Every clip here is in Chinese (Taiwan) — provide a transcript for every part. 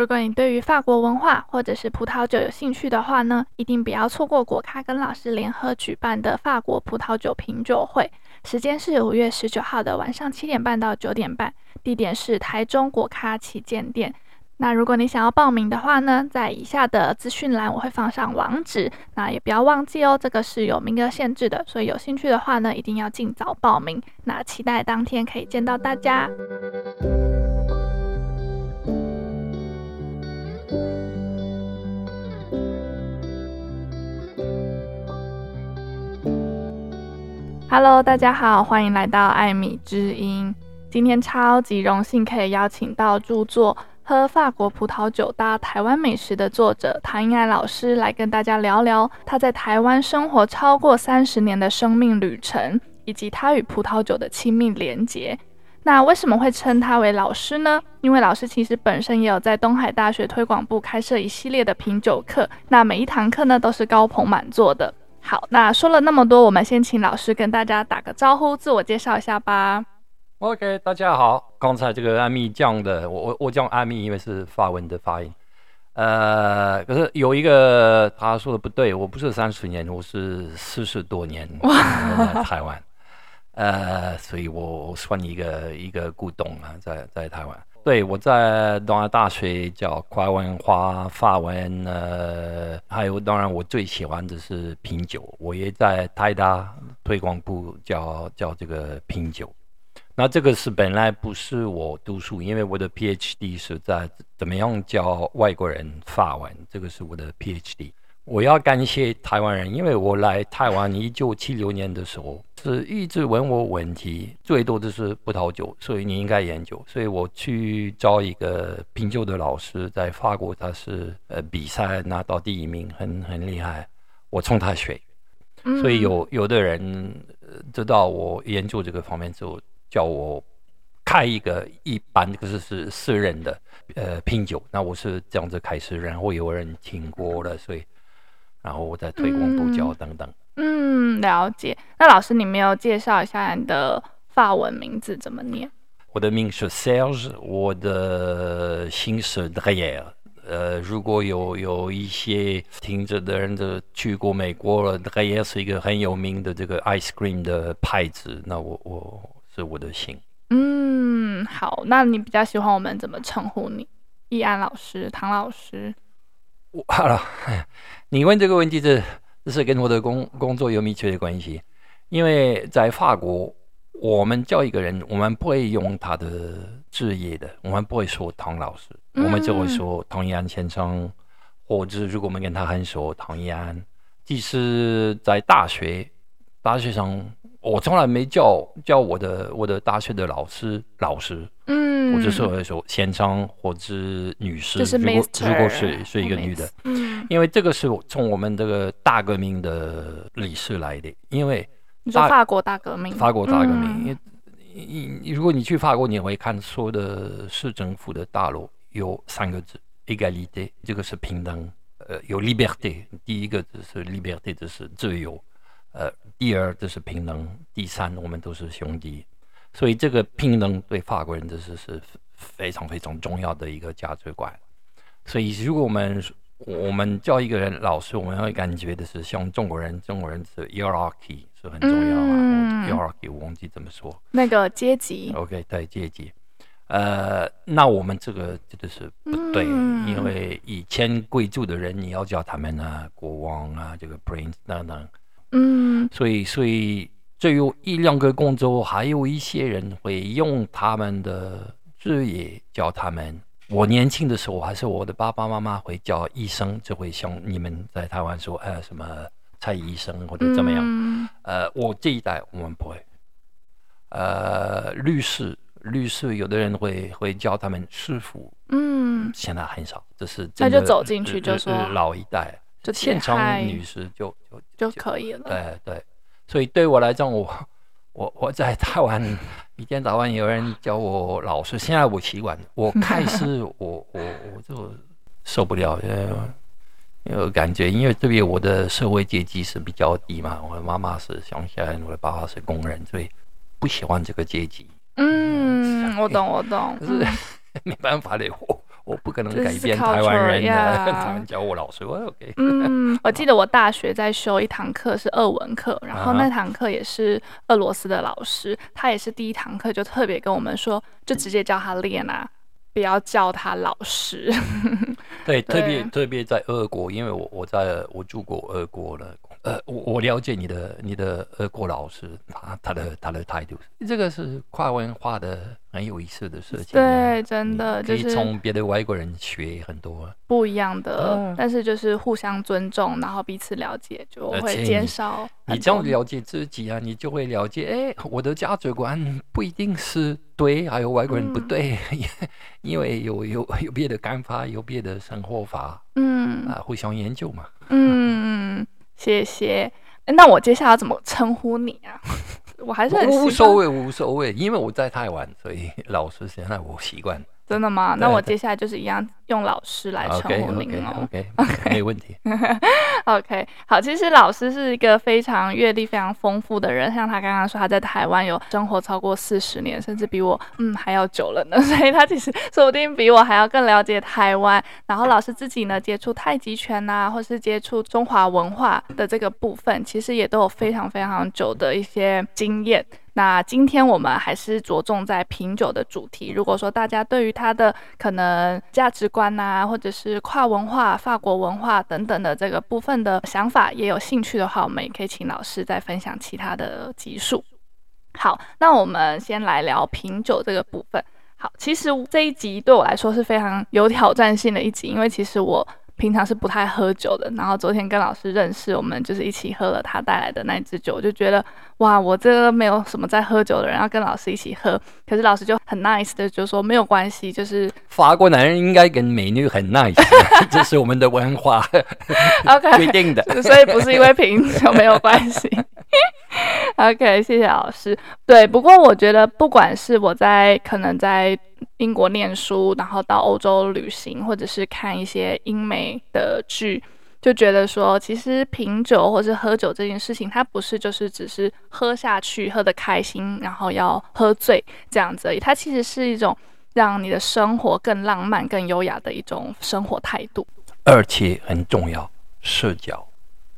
如果你對於法國文化，或者是葡萄酒有興趣的話呢，一定不要錯過果咖跟老師聯合舉辦的法國葡萄酒品酒會。時間是五月十九號的晚上七點半到九點半，地點是台中果咖旗艦店。那如果你想要報名的話呢，在以下的資訊欄我會放上網址。那也不要忘記哦，這個是有名額限制的，所以有興趣的話呢，一定要儘早報名。那期待當天可以見到大家。Hello，大家好，歡迎來到艾米知音。今天超級榮幸可以邀請到著作《喝法國葡萄酒搭台灣美食》的作者唐一安老師來跟大家聊聊他在台灣生活超過三十年的生命旅程，以及他與葡萄酒的親密連結。那為什麼會稱他為老師呢？因為老師其實本身也有在東海大學推廣部開設一系列的品酒課，那每一堂課呢都是高朋滿座的。好，那說了那麼多，我們先請老師跟大家打個招呼，自我介紹一下吧。OK，大家好。剛才這個艾米講的，我我我叫艾米，因為是法文的發音。呃，可是有一個他說的不對，我不是三十年，我是四十多年哇哈哈、嗯、在台灣。呃，所以我，我算一個一個古董啊，在在台灣。對，我在東華大、大學教跨文化法文，呃，還有當然我最喜歡的是品酒，我也在台大推廣部教教這個品酒。那這個是本來不是我讀書，因為我的 PhD 是在怎麼樣教外國人法文，這個是我的 PhD。我要感謝台灣人，因為我來台灣一九七六年的時候，是一直問我問題，最多就是葡萄酒，所以你應該研究。所以我去找一個品酒的老師，在法國他是呃比賽拿到第一名，很很厲害，我衝他學。所以有有的人知道我研究這個方面之後，就叫我開一個一班，就是是私人的呃品酒。那我是這樣子開始，然後有人聽過了，所以。然後我再推廣布教等等嗯。嗯，了解。那老師，你沒有介紹一下你的法文名字怎麼念？我的名是 Serge，我的姓是 Dreyer。呃，如果有有一些聽着的人的去過美國了，Dreyer 是一個很有名的這個 ice cream 的牌子。那我我是我的姓。嗯，好。那你比較喜歡我們怎麼稱呼你？一安老師，唐老師。哈嘍，你問這個問題，就是，這是跟我的工工作有密切的關係，因為在法國，我們叫一個人，我們不會用他的職業的，我們不會說唐老師，我們只會說唐一安先生，嗯，或者如果我們跟他很熟，唐一安，即使在大學，大學生。我從來沒叫叫我的我的大學的老師老師，嗯，我是說先生或者女士，就這是 Master 如果是 Master. 一個女的，嗯，因為這個是從我們這個大革命的歷史來的，因為你說法國大革命，法國大革命，你你、嗯、如果你去法國，你會看所有的市政府的大樓有三個字，égalité，這個是平等，呃，有 liberté，第一個字、就是 liberté 就是自由。呃，第二就是平等，第三我們都是兄弟，所以這個平等對法國人這是是非常非常重要的一個價值觀。所以如果我們我們叫一個人老師，我們會感覺的是像中國人，中國人是 hierarchy 是很重要的，啊嗯嗯、hierarchy 我忘記怎麼說那個階級。OK，對階級，呃，那我們這個這個是不對，嗯，因為以前貴族的人你要叫他們啊，國王啊，這個 prince 等等。嗯， 所以所以只有一兩個工作，還有一些人會用他們的職業教他們。我年輕的時候，還是我的爸爸媽媽會教醫生，就會像你們在台灣說，呃，什麼蔡醫生或者怎麼樣？ 呃，我這一代我們不會。呃，律師，律師有的人會會教他們師傅，嗯， 現在很少，這是他就走進去就是老一代。就現場女士就件就就，就，就可以了。對對，所以對我來講，我我我在台灣一天早晚有人叫我老師，現在我習慣，我開始我 我我，我就受不了，因為因為感覺，因為這邊我的社會階級是比較低嘛，我的媽媽是鄉下人，我的爸爸是工人，所以不喜歡這個階級。嗯，嗯、欸我，我懂我懂，是、嗯、沒辦法的。我我不可能改變台灣人的，叫、yeah. 我老師，我 OK。嗯， 我記得我大學在修一堂課是俄文課，然後那堂課也是俄羅斯的老師，uh huh. 他也是第一堂課就特別跟我們說，就直接叫他練啊，嗯、不要叫他老師。 對，對特別特別在俄國，因為我我在我住過俄國的呃，我我了解你的你的俄國老師，他他的他的態度，這個是跨文化的很有意思的事情。對，真的就是從別的外國人學很多不一樣的，對但是就是互相尊重，然後彼此了解，就會減少你。你這樣了解自己啊，你就會了解，哎，我的價值觀不一定是對，還有外國人不對，嗯、 因為有有有別的看法，有別的生活法。嗯，啊，互相研究嘛。嗯。 謝謝，那我接下來怎麼稱呼你啊？ 我還是很無所謂，無所謂，因為我在台灣，所以老師現在我習慣。真的嗎？對對，那我接下來就是一樣用老師來稱呼您哦。OK, okay, okay, okay 沒問題。 OK，好。其實老師是一個非常閱歷非常豐富的人，像他剛剛說他在台灣有生活超過四十年，甚至比我嗯還要久了呢。所以他其實說不定比我還要更了解台灣。然後老師自己呢，接觸太極拳吶、啊，或是接觸中華文化的這個部分，其實也都有非常非常久的一些經驗。那今天我們還是着重在品酒的主題。如果說大家對於它的可能價值觀吶、啊，或者是跨文化、法國文化等等的這個部分的想法也有興趣的話，我們也可以請老師再分享其他的集數。好，那我們先來聊品酒這個部分。好，其實這一集對我來說是非常有挑戰性的一集，因為其實我平常是不太喝酒的。然後昨天跟老師認識，我們就是一起喝了他帶來的那一支酒，我就覺得。哇，我這個沒有什麼在喝酒的人要跟老師一起喝，可是老師就很 nice 的就說沒有關係，就是法國男人應該跟美女很 nice， 這是我們的文化，OK 一定的， 所以不是因為貧窮就沒有關係。 OK，謝謝老師。對，不過我覺得不管是我在可能在英國念書，然後到歐洲旅行，或者是看一些英美的劇。就覺得說，其實品酒或是喝酒這件事情，它不是就是只是喝下去，喝得開心，然後要喝醉這樣子而已。它其實是一種讓你的生活更浪漫、更優雅的一種生活態度。而且很重要，社交。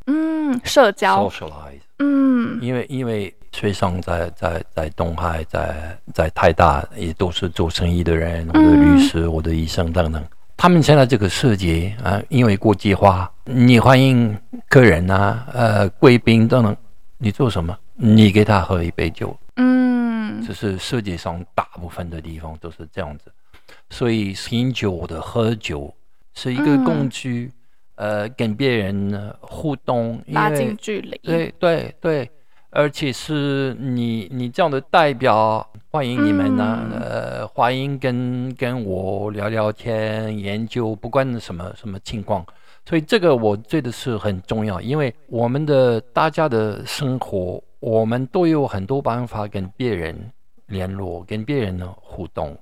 嗯，社交。Socialize。嗯。嗯，因為因為學生在在在東海，在在台大，也都是做生意的人，我的律師，我的醫生等等。嗯他們現在這個世界啊、呃，因為國際化，你歡迎客人啊，呃，貴賓都能。你做什麼？你給他喝一杯酒，嗯，就是世界上大部分的地方都是這樣子，所以品酒的喝酒是一個工具、嗯、呃，跟別人互動，拉近距離，對對對，而且是你你這樣的代表。歡迎你們呢、啊，嗯、呃，歡迎跟跟我聊聊天，研究，不管什麼什麼情況，所以這個我覺得是很重要，因為我們的大家的生活，我們都有很多辦法跟別人聯絡，跟別人呢互動，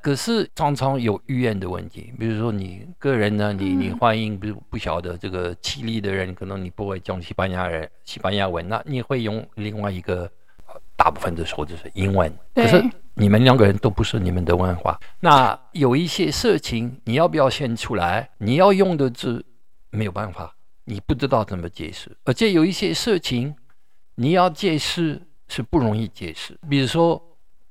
可是常常有語言的問題，比如說你個人呢，嗯、你你歡迎不不曉得這個智利的人，可能你不會講西班牙人，西班牙文，那你會用另外一個。大部分的時候就是英文，對可是你們兩個人都不是你們的文化。那有一些事情你要表現出來，你要用的字沒有辦法，你不知道怎麼解釋。而且有一些事情你要解釋是不容易解釋。比如說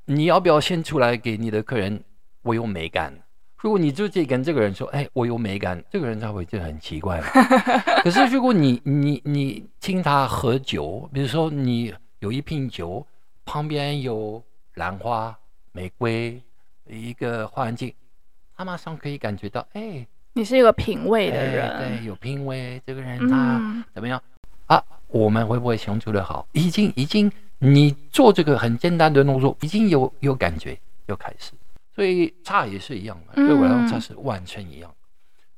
你要表現出來給你的客人，我有美感，如果你直接跟這個人說，哎，我有美感，這個人他會覺得很奇怪。 可是如果你你你請他喝酒，比如說你有一瓶酒。旁邊有蘭花、玫瑰，一個環境，他、啊、馬上可以感覺到，哎、欸，你是一個品味的人，欸、對，有品味這個人他怎麼樣、嗯、啊，我們會不會相處得好？已經，已經，你做這個很簡單的動作，已經有有感覺，有開始，所以差也是一樣的，對我來說，差是完全一樣，嗯、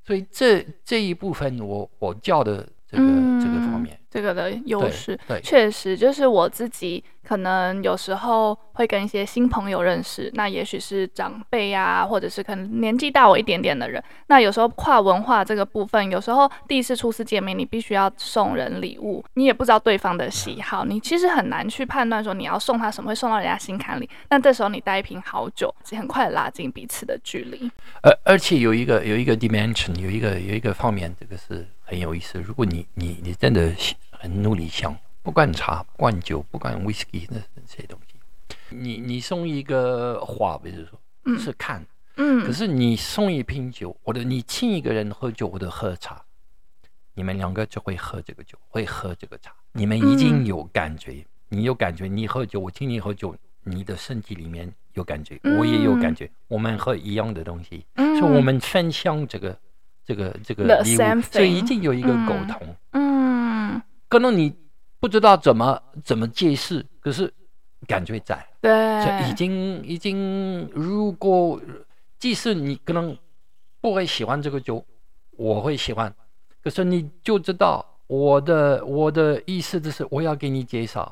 所以這這一部分我我教的。這個、嗯，這個方面，這個的優勢，對對確實就是我自己可能有時候會跟一些新朋友認識，那也許是長輩呀、啊，或者是可能年紀大我一點點的人，那有時候跨文化這個部分，有時候第一次初次見面，你必須要送人禮物，你也不知道對方的喜好，嗯、你其實很難去判斷說你要送他什麼會送到人家心坎裡，那這時候你帶一瓶好酒，就很快拉近彼此的距離。而而且有一個有一個 dimension，有一個有一個方面，這個是。很有意思，如果你你你真的很努力想，不管茶，不管酒，不管 whisky 那些東西，你你送一個花，比如說，是看，嗯、可是你送一瓶酒，或者你請一個人喝酒，或者喝茶，你們兩個就會喝這個酒，會喝這個茶，你們已經有感覺，你有感覺，你喝酒，我請你喝酒，你的身體裡面有感覺，我也有感覺，我們喝一樣的東西，嗯、所以我們分享這個。這個這個禮物 same 所以一定有一個溝通、嗯。嗯，可能你不知道怎麼怎麼解釋，可是感覺在。對已，已經已經，如果即使你可能不會喜歡這個酒，我會喜歡，可是你就知道我的我的意思就是我要給你介紹。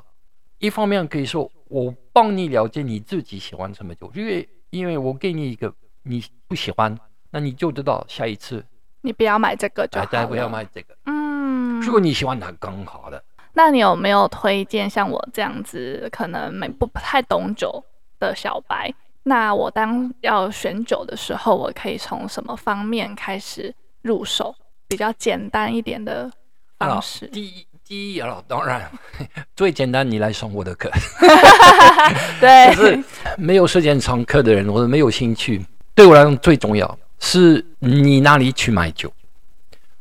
一方面可以說我幫你了解你自己喜歡什麼酒，因為因為我給你一個你不喜歡，那你就知道下一次。你不要買這個就好，大家不要買這個。嗯，如果你喜歡它，剛好的，那你有沒有推薦，像我這樣子，可能沒不，不太懂酒的小白？那我當要選酒的時候，我可以從什麼方面開始入手？比較簡單一點的方式。啊、第一，第一、啊、當然，最簡單，你來上我的課。 對，沒有時間上課的人，我都沒有興趣，對我來講最重要。是你哪裡去買酒，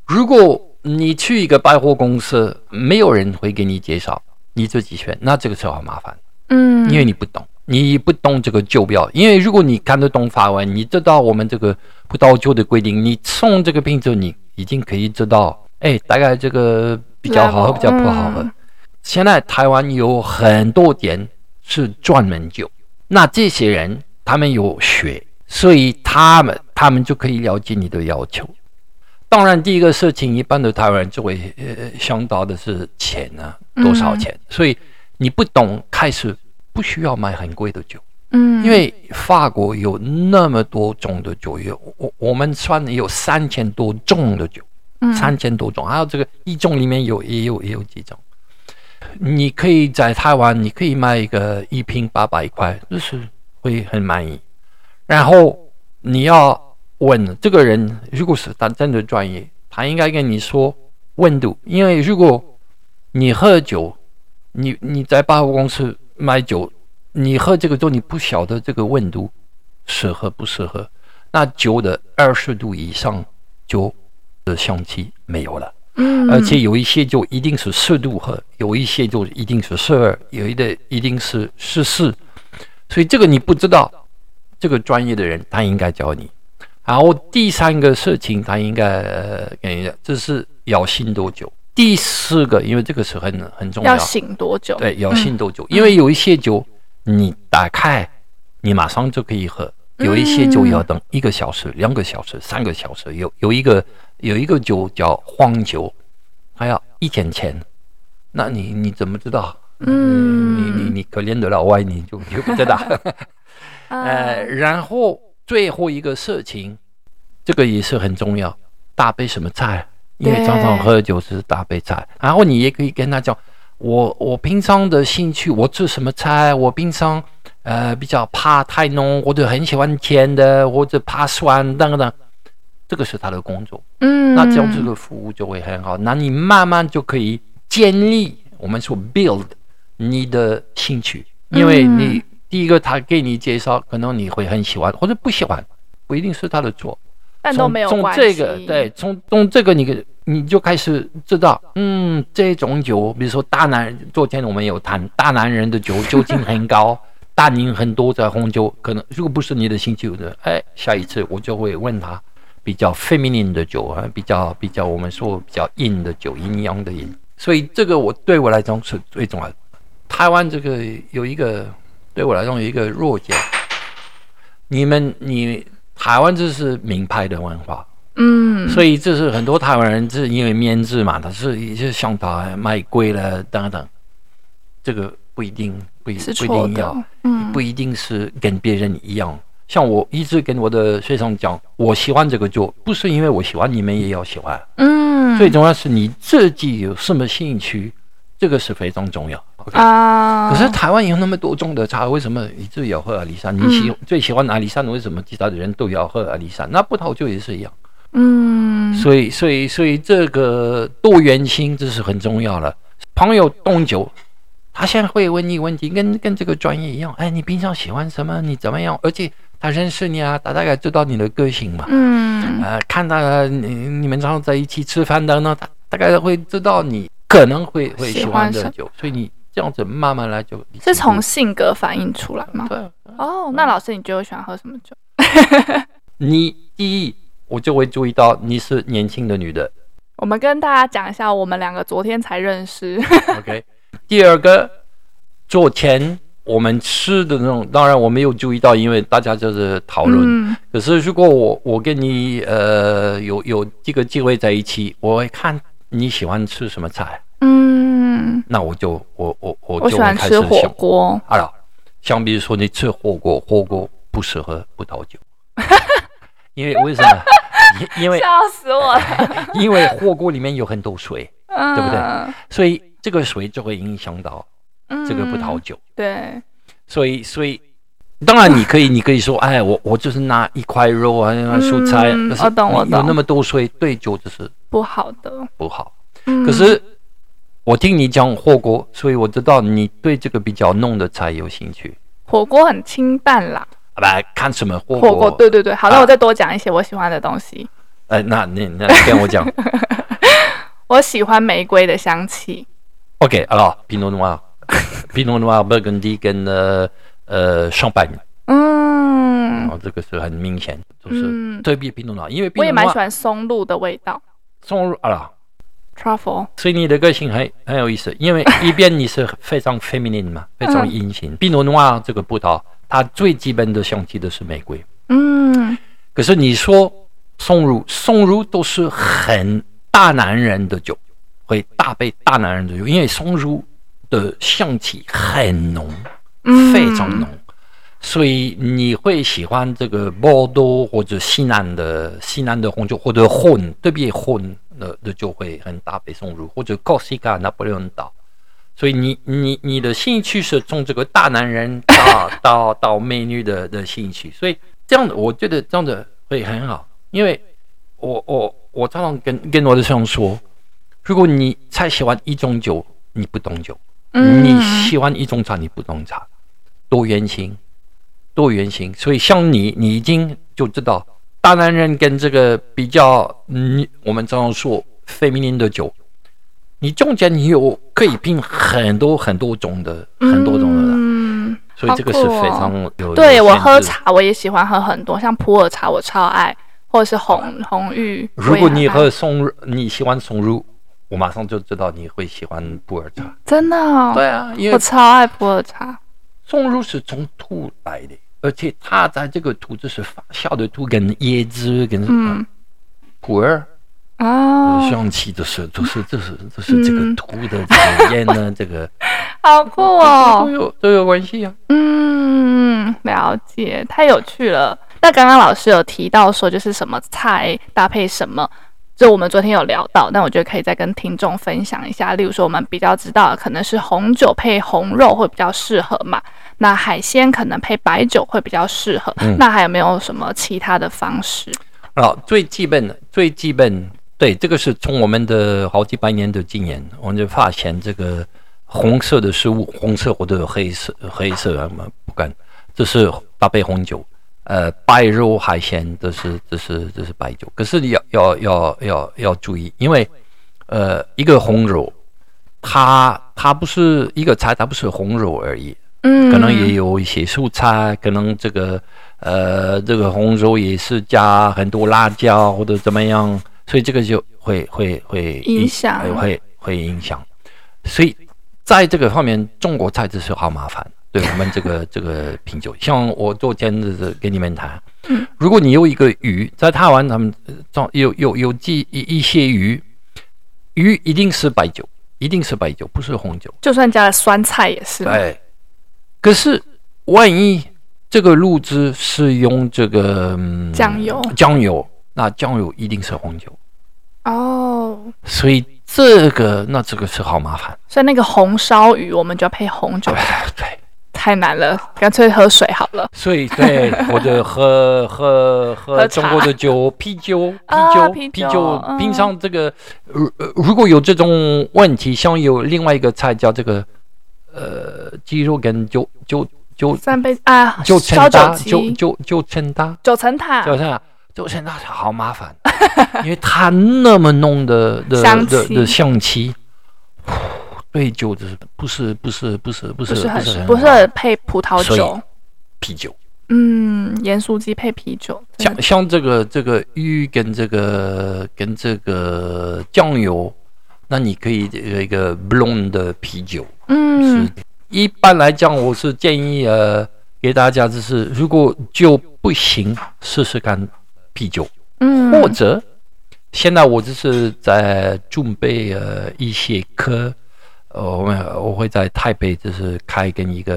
如果你去一個百貨公司，沒有人會給你介紹，你自己選，那這個是好麻煩的，嗯，因為你不懂，你不懂這個酒標，因為如果你看得懂法文，你知道我們這個葡萄酒的規定，你送這個瓶子，你已經可以知道，哎，大概這個比較好喝，比較不好喝。嗯，現在台灣有很多店是專門酒，那這些人他們有學。所以他們他們就可以了解你的要求。當然，第一個事情，一般的台灣人就會想到的是錢啊，多少錢？嗯、所以你不懂，開始不需要買很貴的酒。嗯。因為法國有那麼多種的酒，有我我們算有三千多種的酒，嗯、三千多種，還有這個一種裡面有也有也有幾種。你可以在台灣，你可以買一個一瓶八百塊，就是會很滿意。然後你要問這個人，如果是他真的專業，他應該跟你說溫度。因為如果你喝酒，你你在百貨公司買酒，你喝這個酒，你不曉得這個溫度適合不適合。那酒的二十度以上，酒的香氣沒有了，而且有一些就一定是十度喝，有一些就一定是十二，有的一,一定是十四，所以這個你不知道。這個專業的人，他應該教你。然後第三個事情，他應該講一下，這是要醒多久？第四個，因為這個是很很重要，要醒多久？對，嗯、要醒多久？因為有一些酒，你打開，你馬上就可以喝；嗯、有一些酒要等一個小時、兩個小時、三個小時。有有一個有一個酒叫黃酒，還要一天前。那你你怎麼知道？嗯，嗯你你你可憐的老外，你就就不知道。呵呵 Uh, 呃，然後最後一個事情，這個也是很重要。搭配什麼菜？對因為常常喝酒是搭配菜。然後你也可以跟他講，我我平常的興趣，我吃什麼菜？我平常呃比較怕太濃，或者很喜歡甜的，或者怕酸，等等。這個是他的工作，嗯，那這樣子的服務就會很好。那你慢慢就可以建立，我們說 build 你的興趣，嗯、因為你。第一個，他給你介紹，可能你會很喜歡，或者不喜歡，不一定是他的錯。但都沒有關係。從這個，對，從從這個你，你你你就開始知道，嗯，這種酒，比如說大男人，昨天我們有談大男人的酒酒精很高， 大女人很多的紅酒，可能如果不是你的興趣，哎，下一次我就會問他比較 feminine 的酒，比較比較我們說比較陰的酒，陰陽的陰。所以這個我對我來講是最重要的。台灣這個有一個。對我來說，一個弱點。你們，你台灣這是名牌的文化，嗯，所以這是很多台灣人，是因為面子嘛，他是就想法賣貴了等等，這個不一定，不一定不一定要，嗯、不一定是跟別人一樣。像我一直跟我的學生講，我喜歡這個做，不是因為我喜歡，你們也要喜歡，嗯，最重要是你自己有什麼興趣，這個是非常重要。啊！Okay. uh, 可是台灣有那麼多種的茶，為什麼你只有喝阿里山？你喜、嗯、最喜歡哪阿里山？為什麼其他的人都要喝阿里山？那葡萄酒也是一樣。嗯，所，所以所以所以這個多元性這是很重要的。朋友懂酒，他現在會問你問題，跟跟這個專業一樣。哎，你平常喜歡什麼？你怎麼樣？而且他認識你啊，他大概知道你的個性嘛。嗯，呃，看到你你們常常在一起吃飯的呢，他大概會知道你可能會會喜歡的酒，所以你。這樣子慢慢來就是從性格反映出來嗎？對哦，oh, 對。那老師你覺得我喜歡喝什麼酒？ 你第一我就會注意到你是年輕的女的。我們跟大家講一下，我們兩個昨天才認識。 OK，第二個昨天我們吃的那種，當然我沒有注意到，因為大家就是討論。嗯、可是如果我我跟你呃有有這個機會在一起，我會看你喜歡吃什麼菜。那，我就我我我就會開始想，鍋。好了，像比如說你吃火鍋，火鍋不適合葡萄酒，因為為什麼？因為笑死我了！因為火鍋裡面有很多水，對不對？所以這個水就會影響到這個葡萄酒。對，所以所以當然你可以，你可以說，哎，我我就是拿一塊肉啊，蔬菜，但是有那麼多水，對酒就是不好的，不好。可是。我聽你講火鍋，所以我知道你對這個比較濃的菜有興趣。火鍋很清淡啦，來看什麼火鍋？火鍋，對對對，好，啊、那我再多講一些我喜歡的東西。哎、呃，那你，那你跟我講， 我喜歡玫瑰的香氣。OK，alors Pinot Noir Pinot Noir, Burgundy 跟呃 Champagne。呃 Champ 嗯，然後這個是很明顯，就是對比 Pinot Noir 因為、Pinot Noir, 我也蠻喜歡松露的味道。松露啊。所以你的個性很很有意思，因為一邊你是非常 feminine 嘛， 非常陰性，Pinot Noir 這個葡萄，它最基本的香氣都是玫瑰。嗯。可是你說松露，松露都是很大男人的酒，會大杯大男人的酒，因為松露的香氣很濃，嗯、非常濃，所以你會喜歡這個 Bordeaux 或者西南的西南的紅酒，或者 Rhône，特別 Rhône。那那就會很搭配松露，或者科西嘉，拿破崙島，所以你你你的興趣是從這個大男人到 到到,到美女的的興趣，所以這樣子我覺得這樣子會很好，因為我我我常常跟跟我的學生說，如果你才喜歡一種酒，你不懂酒；你喜歡一種茶，你不懂茶。多元性，多元性，所以像你，你已經就知道。大男人跟這個比較，你、嗯、我們這樣說，Feminine 的酒，你中間你有可以品很多很多種的，嗯、很多種的，嗯，所以這個是非常有、哦。對擇我喝茶，我也喜歡喝很多，像普洱茶我超愛，或者是紅紅玉。如果你喝松愛你喜歡松露，我馬上就知道你會喜歡普洱茶。真的啊、哦？對啊，因為我超愛普洱茶。松露是從土來的。而且他在這個土就是發酵的土跟椰子跟果兒啊，像吃耳、哦、就是就是就是、就是、就是這個土的體驗呢，嗯、這個 好酷哦，這個這個、都有都、這個、有關係啊。嗯，了解，太有趣了。那剛剛老師有提到說，就是什麼菜搭配什麼，就我們昨天有聊到，那我覺得可以再跟聽眾分享一下。例如說，我們比較知道，可能是紅酒配紅肉會比較適合嘛。那海鮮可能配白酒會比較適合。嗯、那還有沒有什麼其他的方式？啊，最基本的最基本對，這個是從我們的好幾百年的經驗，我們就發現這個紅色的食物，紅色或者黑色黑色什麼不敢，這是搭配紅酒。呃，白肉海鮮這是這是這是白酒，可是要要要要要注意，因為呃一個紅肉，它它不是一個菜，它不是紅肉而已。嗯，可能也有一些蔬菜，嗯、可能這個，呃，這個紅肉也是加很多辣椒或者怎麼樣，所以這個就會會會影響響、呃，會會影響。所以在這個方面，中國菜就是好麻煩，對我們這個這個品酒。 像我昨天給你們談，嗯、如果你有一個魚，在台灣他們裝有有有幾一些魚，魚一定是白酒，一定是白酒，不是紅酒。就算加了酸菜也是。對。可是，萬一這個滷汁是用這個醬油，醬油，那醬油一定是紅酒哦。所以這個，那這個是好麻煩。所以那個紅燒魚，我們就要配紅酒，對，太難了，乾脆喝水好了。所以對，我就喝喝喝中國的酒，啤酒，啤酒，啤酒。平常這個如如果有這種問題，像有另外一個菜叫這個。呃，雞肉跟九九九三杯啊，九層塔，九九九層塔，九層塔，九層塔好麻煩，因為他那麼弄的的的象棋，對酒的不是不是不是不是不是不是配葡萄酒，啤酒，嗯，鹽酥雞配啤酒，像像這個這個魚跟這個跟這個醬油。那你可以有一個 blonde 的啤酒，嗯是，一般來講，我是建議呃，給大家就是，如果就不行，試試看啤酒，嗯，或者現在我只是在準備呃一些課，呃，我們我會在台北就是開跟一個、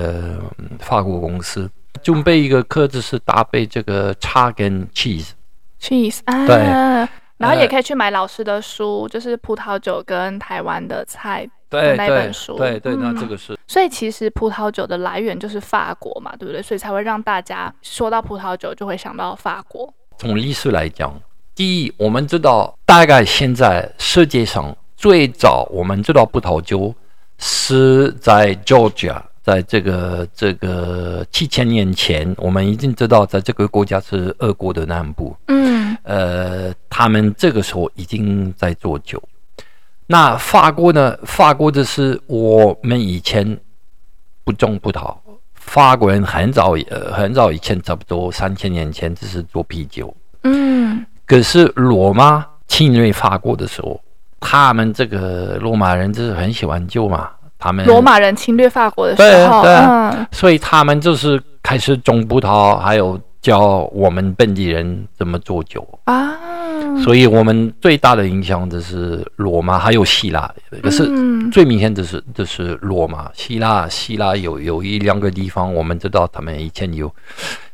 嗯、法國公司準備一個課，就是搭配這個茶跟 cheese，cheese、啊、對。然後也可以去買老師的書，哎、就是葡萄酒跟台灣的菜，對，那本書。對對，對對嗯、那這個是。所以其實葡萄酒的來源就是法國嘛，對不對？所以才會讓大家說到葡萄酒就會想到法國。從歷史來講，第一，我們知道大概現在世界上最早我們知道葡萄酒是在 Georgia，在這個這個七千年前，我們已經知道在這個國家是俄國的南部。嗯。呃，他們這個時候已經在做酒。那法國呢？法國就是我們以前不種葡萄，法國人很早、呃、很早以前，差不多三千年前，就是做啤酒。嗯。可是羅馬侵略法國的時候，他們這個羅馬人就是很喜歡酒嘛。他們羅馬人侵略法國的時候，對，對啊。嗯。所以他們就是開始種葡萄，還有。教我們本地人怎麼做酒啊，Oh. 所以我們最大的影響就是羅馬還有希臘，對不對？嗯、可是最明顯的是就是羅馬、希臘、希臘有有一兩個地方我們知道，他們以前有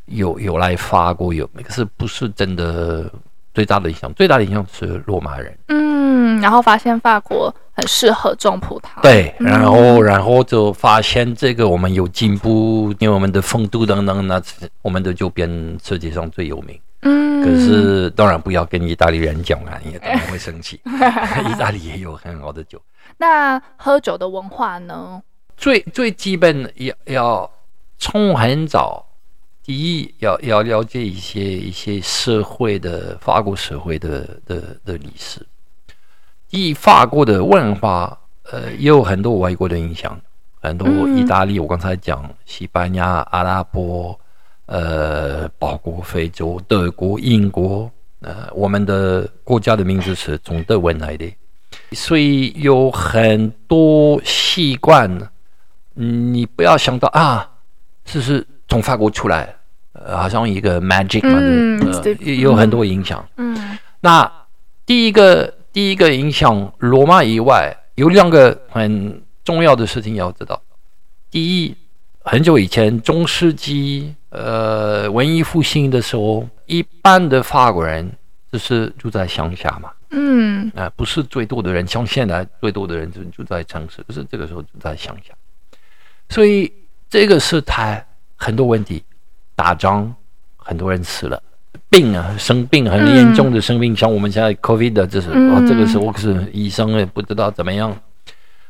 有有來法國有，有可是不是真的最大的影響，最大的影響是羅馬人。嗯，然後發現法國。很適合種葡萄，對，嗯、然後然後就發現這個我們有進步，因為我們的風度等等，那我們的酒變世界上最有名。嗯，可是當然不要跟意大利人講啊，也當然會生氣。 意大利也有很好的酒。那喝酒的文化呢？最最基本的要要從很早，第一要要了解一些一些社會的法國社會的的的歷史。以法國的文化，呃，也有很多外國的影響。很多意大利，嗯、我剛才講西班牙、阿拉伯，呃，包括非洲、德國、英國，呃，我們的國家的名字是從德文來的，所以有很多習慣。你不要想到啊，是是從法國出來，呃、好像一個 magic 嘛，有很多影響。嗯，嗯那第一個。第一個影響羅馬以外有兩個很重要的事情要知道。第一，很久以前中世紀，呃，文藝復興的時候，一般的法國人就是住在鄉下嘛，嗯，啊、呃，不是最多的人，像現在最多的人就住在城市，不，就是這個時候住在鄉下，所以這個是他很多問題，打仗，很多人死了。病啊，生病，很嚴重的生病，像我們現在 COVID 就是，這個時候是醫生也不知道怎麼樣。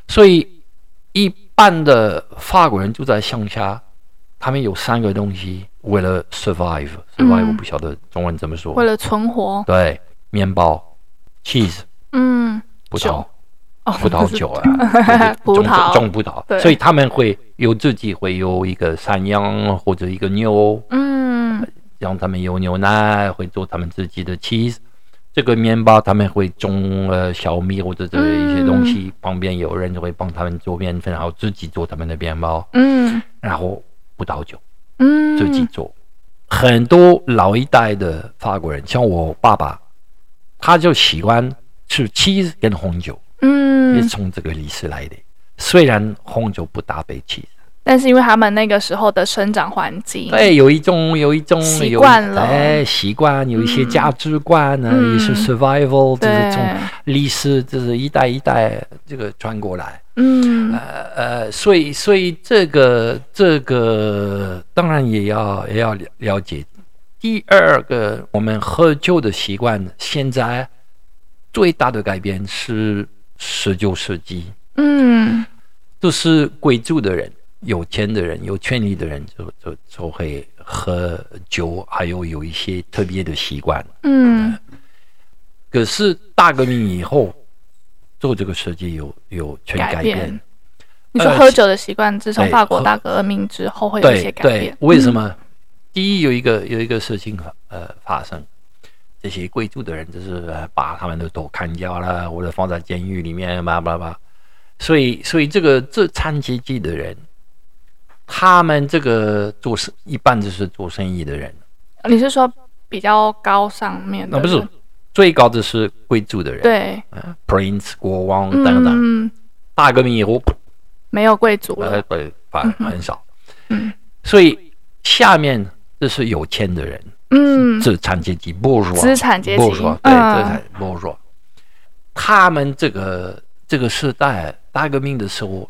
所以一般的法國人住在鄉下，他們有三個東西為了 survive，survive 我不曉得中文怎麼說，為了存活，對，麵包，cheese，嗯，葡萄，葡萄酒啊，種種葡萄，所以他們會有自己會有一個山羊或者一個牛，嗯。讓他們有牛奶，會做他們自己的 cheese，這個麵包他們會種呃小米或者這些一些東西，嗯、旁邊有人就會幫他們做麵粉，然後自己做他們的麵包。嗯，然後葡萄酒，嗯，自己做。嗯、很多老一代的法國人，像我爸爸，他就喜歡吃 cheese 跟紅酒。嗯，也是從這個歷史來的。雖然紅酒不搭配 cheese。但是因為他們那個時候的生長環境，對，有一種有一種習慣了，哎，習慣有一些價值觀呢，啊，嗯，也是 survival，就，嗯，是從歷史，就是一代一代這個傳過來，嗯，呃呃，所以所以這個這個當然也要也要了解。第二個，我們喝酒的習慣現在最大的改變是十九世紀，嗯，都是貴族的人。有錢的人、有權力的人就，就就就會喝酒，還有有一些特別的習慣。嗯、呃，可是大革命以後，做這個設計有有全改變。改變你說喝酒的習慣，呃、自從法國大革命之後，會有一些改變？為什麼？第一，有一個有一個事情發呃發生，這些貴族的人就是把他們的頭砍掉了，或者放在監獄裡面，叭叭叭。所以，所以這個這產階級的人。他們這個做生一般就是做生意的人，你是說比較高上面的？那不是最高的，是貴族的人。對，嗯，Prince 國王等等。嗯，大革命以後沒有貴族了，對，法很少。嗯。所以下面這是有錢的人，嗯，資產階級，不說資產階級，不說，對，這才不說。他們這個這個時代，大革命的時候。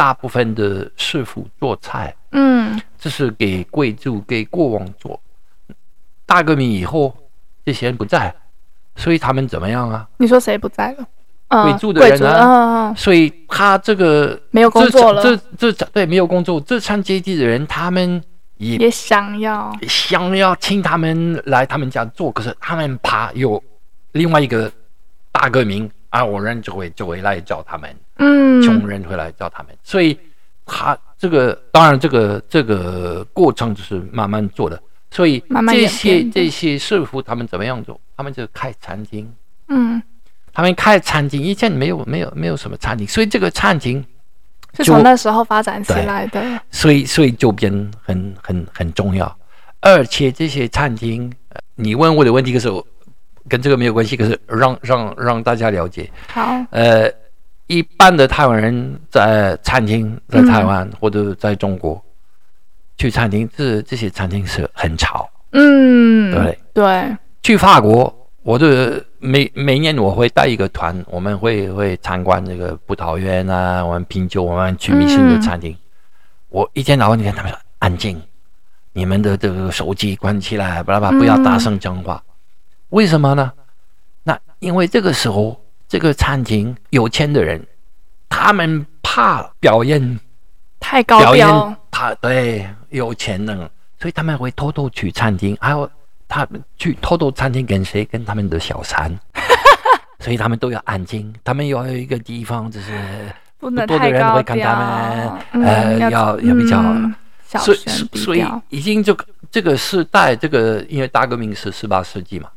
大部分的師傅做菜，嗯，這是給貴族、給國王做。大革命以後，這些人不在，所以他們怎麼樣啊？你說誰不在了？嗯、貴族的族人啊，嗯、所以他這個沒有工作了。這這這，對，沒有工作。資產階級的人，他們也也想要想要請他們來他們家做，可是他們怕有另外一個大革命。啊，我人就會就會來找他們，嗯，窮人會來找他們，所以他這個當然這個這個過程就是慢慢做的，所以這些慢慢這些師傅他們怎麼樣做，他們就開餐廳，嗯，他們開餐廳以前沒有沒有沒有什麼餐廳，所以這個餐廳是從那時候發展起來的，所以所以周邊很很很重要，而且這些餐廳，你問我的問題的時候。跟這個沒有關係，可是讓讓讓大家了解。好，呃，一般的台灣人在餐廳，在台灣、嗯、或者在中國去餐廳，這這些餐廳是很吵。嗯，對對。對，去法國，我的每每年我會帶一個團，我們會會參觀這個葡萄園啊，我們品酒，我們去米其林的餐廳。嗯、我一天到晚你看他們說：安靜，你們的這個手機關起來，巴拉巴拉不要大聲講話。嗯為什麼呢？那因為這個時候這個餐廳有錢的人，他們怕表演太高調，他對有錢人，所以他們會偷偷去餐廳，還有他們去偷偷餐廳跟誰跟他們的小三， 所以他們都要安靜，他們要有一個地方，就是多的人會看他們，嗯、呃，要,要比較、嗯、小聲低調。所以，所以已經就這個時代，這個因為大革命是十八世紀嘛。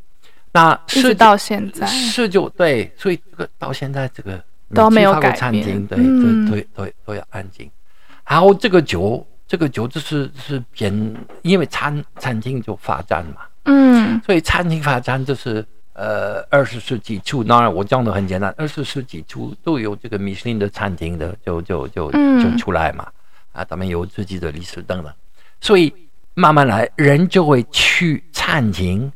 那是到現在是就對，所以這個到現在這個餐都沒有改變，對對對,對、嗯、都要安靜。然後這個酒，這個酒就是、就是變，因為餐餐廳就發展嘛，嗯，所以餐廳發展就是呃二十世紀初，當然我講的很簡單，二十世紀初都有這個米其林的餐廳的就就就就出來嘛，嗯、啊，他們有自己的歷史等等，所以慢慢來，人就會去餐廳。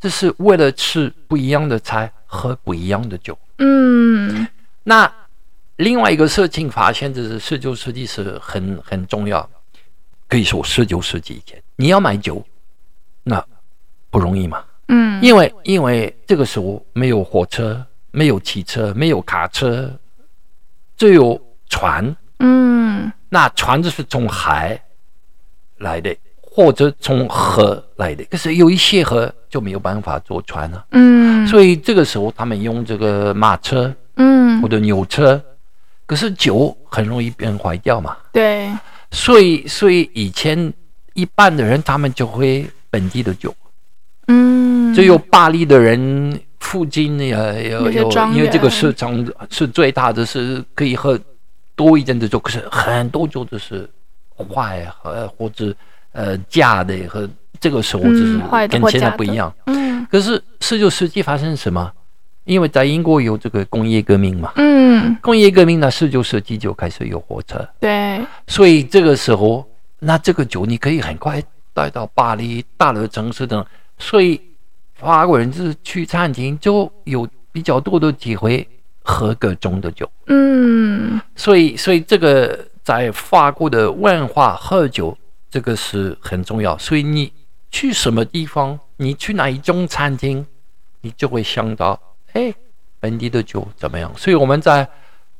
這是為了吃不一樣的菜，喝不一樣的酒。嗯，那另外一個事情發現，就是十九世紀是很很重要的，可以說十九世紀以前你要買酒，那不容易嘛。嗯，因為因為這個時候沒有火車，沒有汽車，沒有卡車，只有船。嗯，那船就是從海來的。或者從河來的，可是有一些河就沒有辦法坐船了。嗯，所以這個時候他們用這個馬車，嗯，或者牛車。可是酒很容易變壞掉嘛。對。所以，所以以前一般的人他們就會本地的酒。嗯。只有巴黎的人附近呀，有些，有因為這個市場是最大的，是可以喝多一點的酒。可是很多酒都是壞和或者。呃，假的和這個時候就是跟現在不一樣，嗯，嗯，可是十九世紀發生什麼？嗯、因為在英國有這個工業革命嘛，嗯，工業革命呢，十九世紀就開始有火車，對，所以這個時候，那這個酒你可以很快帶到巴黎、大的城市等，所以法國人就是去餐廳就有比較多的機會喝各種的酒，嗯，所以，所以這個在法國的文化喝酒。這個是很重要，所以你去什麼地方，你去哪一種餐廳，你就會想到，哎，本地的酒怎麼樣？所以我們在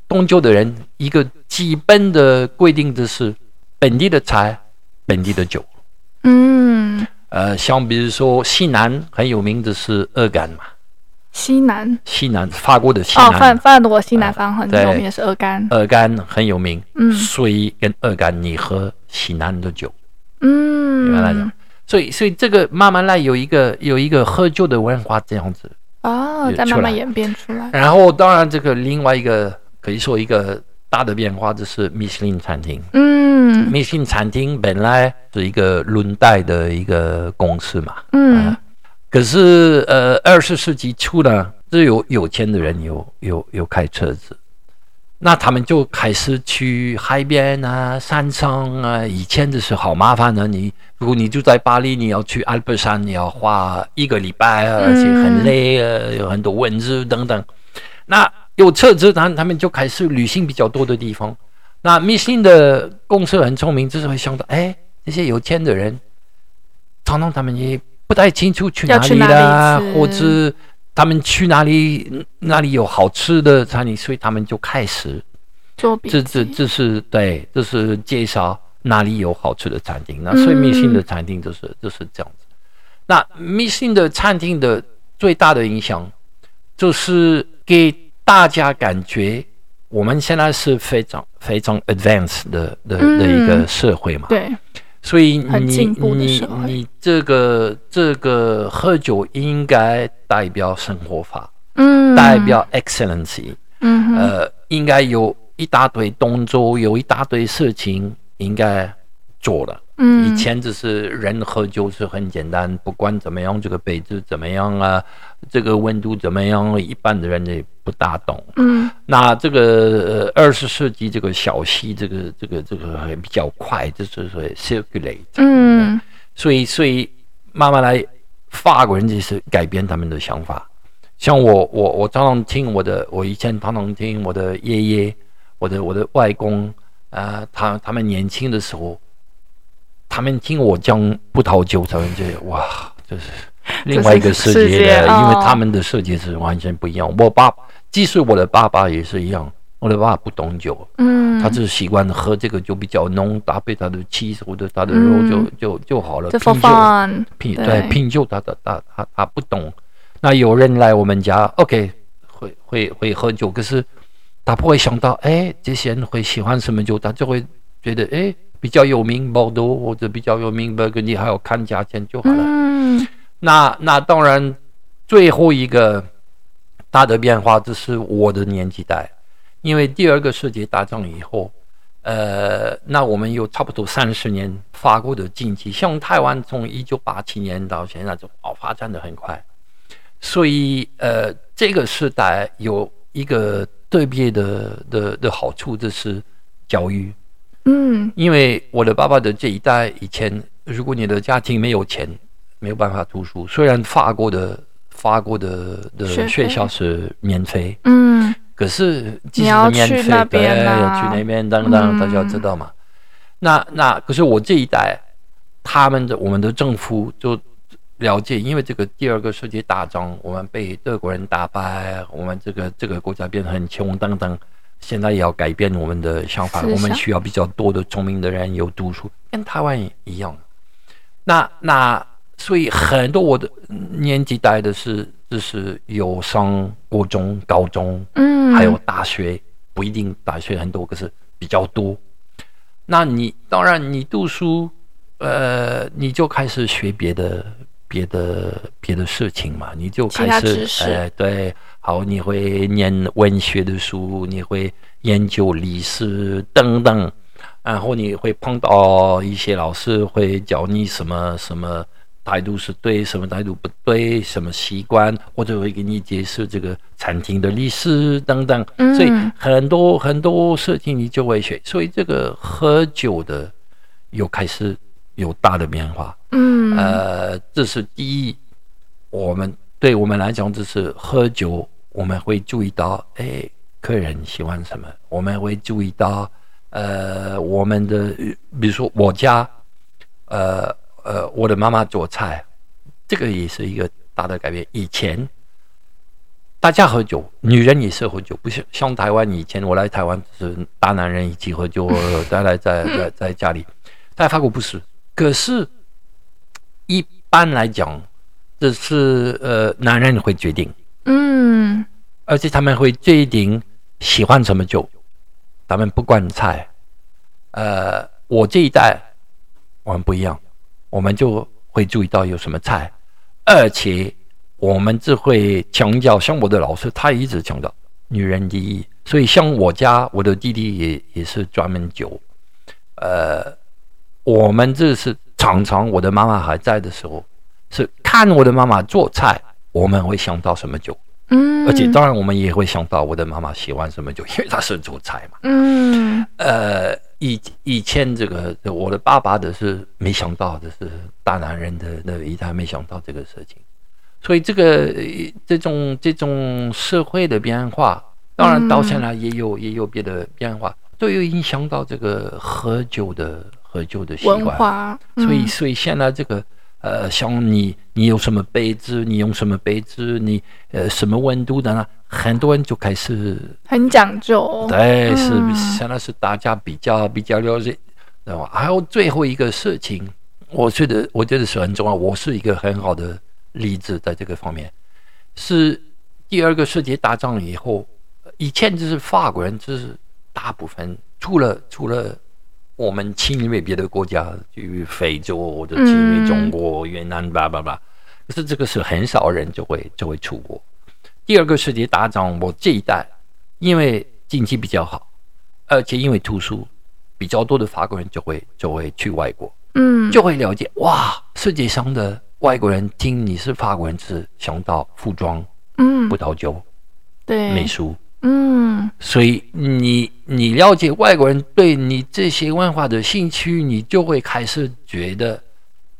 懂酒的人，一個基本的規定的是，本地的菜，本地的酒。嗯，呃，像比如說西南很有名的是鵝肝嘛。西南。西南法國的西南。哦，法法國西南方很有名的是鵝肝。呃、鵝肝很有名，嗯，所以跟鵝肝，你喝西南的酒。嗯，原來，所以所以這個慢慢來有一個有一個喝酒的文化這樣子哦，再慢慢演變出來。然後當然這個另外一個可以說一個大的變化就是米其林餐廳。嗯，米其林餐廳本來是一個輪帶的一個公司嘛。嗯，嗯可是呃二十世紀初呢，只有有錢的人有有有開車子。那他們就開始去海邊啊、山上啊。以前的時候好麻煩的、啊，你如果你住在巴黎，你要去阿爾卑斯山，你要花一個禮拜啊，而且很累啊，嗯、有很多蚊子等等。那有車子，他他們就開始旅行比較多的地方。那米其林的公司很聰明，就是會想到，哎、欸，那些有錢的人，常常他們也不太清楚去哪裡啦，裡或者。他們去哪裡？哪裡有好吃的餐廳？所以他們就開始，這這這是對，這、就是介紹哪裡有好吃的餐廳。那所以 Michelin 的餐廳就是、嗯、就是這樣子。那 Michelin 的餐廳的最大的影響，就是給大家感覺我們現在是非常非常 advanced 的的、的一個社會嘛。嗯、對。所以你你你這個這個喝酒應該代表生活法，嗯、代表 excellency，嗯、哼呃，應該有一大堆動作，有一大堆事情應該。做了，嗯，以前只是人喝酒是很簡單，不管怎麼樣，這個杯子怎麼樣啊，這個溫度怎麼樣，一般的人也不大懂，嗯，那這個二十世紀這個小溪、這個，這個這個這個比較快，就是說 circulate，嗯，所以所以慢慢來，法國人就是改變他們的想法，像我我我常常聽我的，我以前常常聽我的爺爺，我的我的外公啊，他他們年輕的時候。他們聽我講葡萄酒，他們覺得，哇，這是另外一個世界，因為他們的世界是完全不一樣。哦、我爸，爸，即使我的爸爸也是一樣，我的爸爸不懂酒，嗯，他只是習慣喝這個酒比較濃，搭配他的起司或者他的肉就、嗯、就就，就好了。品酒，對品酒他，他的他他他不懂。那有人來我們家，OK，會會會喝酒，可是他不會想到，哎、欸，這些人會喜歡什麼酒，他就會覺得，哎、欸。比較有名 Bordeaux 或者比較有名 Burgundy，還要看價錢就好了。嗯、那那當然，最後一個大的變化就是我的年紀代，因為第二個世界大戰以後，呃，那我們有差不多三十年法國的經濟，像台灣從一九八七年到現在就發發展的很快，所以呃這個時代有一個特別的的的好處就是教育。嗯，因為我的爸爸的這一代以前，如果你的家庭沒有錢，沒有辦法讀書。雖然法國的法國的的學校是免費，嗯，可是，即使是免費，對，去那邊，啊，要去那邊當當，嗯，大家知道嘛？那那可是我這一代，他們的我們的政府就了解，因為這個第二個世界大戰，我們被德國人打敗，我們這個這個國家變得很窮當當。現在也要改變我們的想法，想我們需要比較多的聰明的人有讀書，跟台灣一樣。那那所以很多我的年紀大的是，就是有上國中、高中，嗯，還有大學，不一定大學很多，可是比較多。那你當然你讀書，呃，你就開始學別的、別的、別的事情嘛，你就開始，呃，對。好，你會念文學的書，你會研究歷史等等，然後你會碰到一些老師會教你什麼什麼態度是對，什麼態度不對，什麼習慣，或者會給你解釋這個餐廳的歷史等等。嗯。所以很多很多事情你就會學。所以這個喝酒的又開始有大的變化。嗯，呃，這是第一，我們。對我們來講，就是喝酒，我們會注意到，哎，客人喜歡什麼，我們會注意到，呃，我們的，比如說我家，呃呃，我的媽媽做菜，這個也是一個大的改變。以前大家喝酒，女人也是喝酒，不像像台灣以前，我來台灣是大男人一起喝酒，再來在在在家裡，但法國不是，可是一般來講。這是呃，男人會決定，嗯，而且他們會決定喜歡什麼酒，他們不管菜，呃，我這一代我們不一樣，我們就會注意到有什麼菜，而且我們就會強調，像我的老師，他一直強調女人第一，所以像我家，我的弟弟也也是專門酒，呃，我們這是常常我的媽媽還在的時候，是看我的媽媽做菜，我們會想到什麼酒，嗯、而且當然我們也會想到我的媽媽喜歡什麼酒，因為她是做菜嘛。嗯，呃，以以前這個我的爸爸的是沒想到的，是大男人的那一代沒想到這個事情，所以這個這種這種社會的變化，當然到現在也有、嗯、也有別的變化，都有影響到這個喝酒的喝酒的習慣。文化，嗯、所以所以現在這個。呃，像你，你有什麼杯子？你用什麼杯子？你呃，什麼溫度的呢？很多人就開始很講究。對，是相當是大家比較比較了解，對吧，嗯？還有最後一個事情，我覺得我覺得是很重要。我是一個很好的例子，在這個方面是第二個世界大戰以後，以前就是法國人，就是大部分除了除了。除了我們侵略別的國家，比如非洲或者侵略中國、越、嗯、南叭叭叭，可是這個是很少人就會就會出國。第二個世界大戰，我這一代因為經濟比較好，而且因為圖書比較多的法國人就會就會去外國，嗯，就會了解哇，世界上的外國人聽你是法國人是想到服裝，嗯，葡萄酒，對，美術。嗯，所以你你了解外國人對你這些文化的興趣，你就會開始覺得，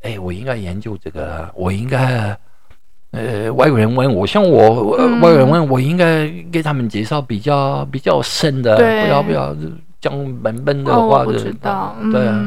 哎、欸，我應該研究這個，我應該，呃，外國人問我，我，像我、嗯、外國人問我，應該給他們介紹比較比較深的，不要不要講本本的話、哦。我不知道，嗯、對、啊，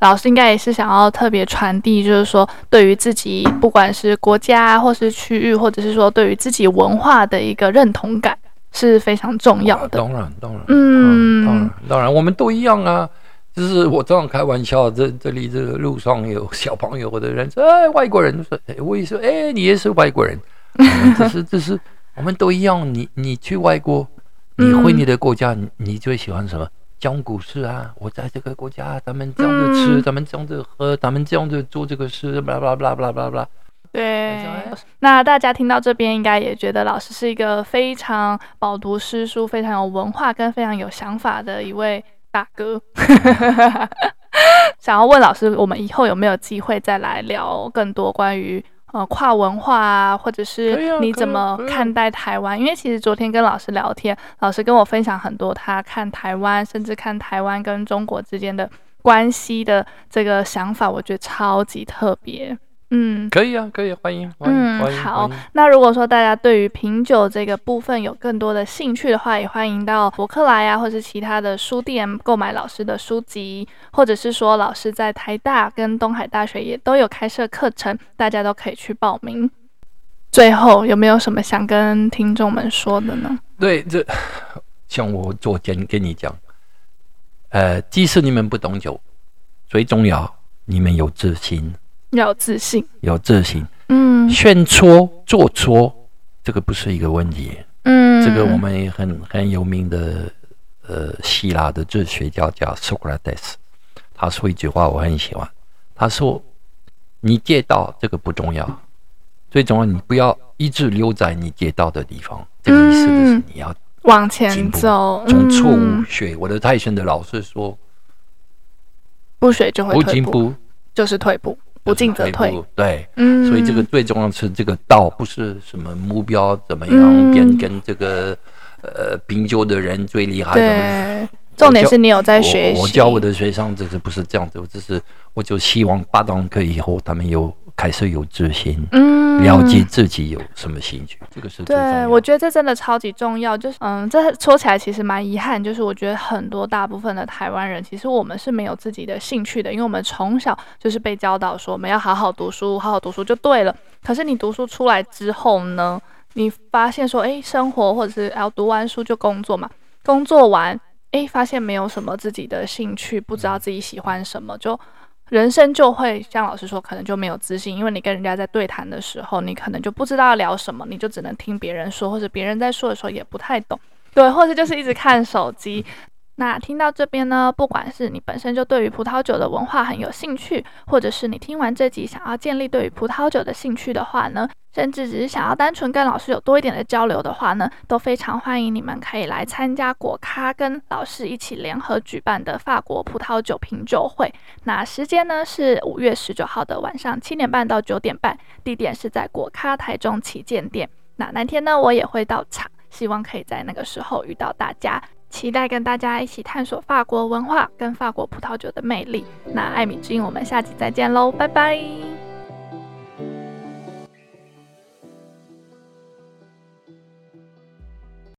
老師應該也是想要特別傳遞，就是說對於自己不管是國家或是區域，或者是說對於自己文化的一個認同感。是非常重要的，啊，當然，當然，當然，嗯，當然，當然，當然，我們都一樣啊。就是我這樣開玩笑，這這裡這個路上有小朋友或者人說，哎，外國人說，哎，我一說，哎，你也是外國人，嗯。這是，這是，我們都一樣。你，你去外國，你回你的國家，嗯，你，你最喜歡什麼？講故事啊！我在這個國家，咱們這樣子吃，咱們這樣子喝，嗯，咱們這樣子做這個事，巴拉巴拉巴拉巴拉。對，那大家聽到這邊應該也覺得老師是一個非常飽讀詩書、非常有文化跟非常有想法的一位大哥。 想要問老師，我們以後有沒有機會再來聊更多關於呃跨文化啊，或者是你怎麼看待台灣？因為其實昨天跟老師聊天，老師跟我分享很多他看台灣，甚至看台灣跟中國之間的關係的這個想法，我覺得超級特別。嗯，可以啊，可以歡迎，嗯，歡迎，好。歡迎，那如果說大家對於品酒這個部分有更多的興趣的話，也歡迎到博客來啊，或是其他的書店購買老師的書籍，或者是說老師在台大跟東海大學也都有開設課程，大家都可以去報名。最後，有沒有什麼想跟聽眾們說的呢？對，這像我昨天跟你講，呃，即使你們不懂酒，最重要你們有自信。要自信，有自信，自信嗯，選錯、做錯，這個不是一個問題，嗯，這個我們也很很有名的，呃，希臘的哲學家叫蘇格拉底，他說一句話我很喜歡，他說：“你跌倒這個不重要，最重要你不要一直留在你跌倒的地方。嗯”這個意思就是你要往前走，從錯誤學。我的泰拳的老師說：“不學就會不進步，就是退步。”不進則退，對，嗯、所以這個最重要是這個道，不是什麼目標怎麼樣，變、嗯、跟這個呃，品酒的人最厲害的人。對教重點是你有在學習。我教我的學生，這是不是這樣子？我只是我就希望八堂課以後，他們有。開始有自信，了解自己有什麼興趣，嗯、這個是的對，我覺得這真的超級重要。就是，嗯，這說起來其實蠻遺憾，就是我覺得很多大部分的台灣人，其實我們是沒有自己的興趣的，因為我們從小就是被教導說我們要好好讀書，好好讀書就對了。可是你讀書出來之後呢，你發現說，誒，生活或者是然後讀完書就工作嘛，工作完，誒，發現沒有什麼自己的興趣，不知道自己喜歡什麼、嗯、就。人生就會像老師說，可能就沒有自信，因為你跟人家在對談的時候，你可能就不知道要聊什麼，你就只能聽別人說，或者別人在說的時候也不太懂。對，或者就是一直看手機。那聽到這邊呢，不管是你本身就對於葡萄酒的文化很有興趣，或者是你聽完這集想要建立對於葡萄酒的興趣的話呢，甚至只是想要單純跟老師有多一點的交流的話呢，都非常歡迎你們可以來參加果咖跟老師一起聯合舉辦的法國葡萄酒品酒會。那時間呢是五月十九號的晚上七點半到九點半，地點是在果咖台中旗艦店。那那天呢我也會到場，希望可以在那個時候遇到大家。期待跟大家一起探索法國文化跟法國葡萄酒的魅力。那艾米知音，我們下期再見嘍，拜拜。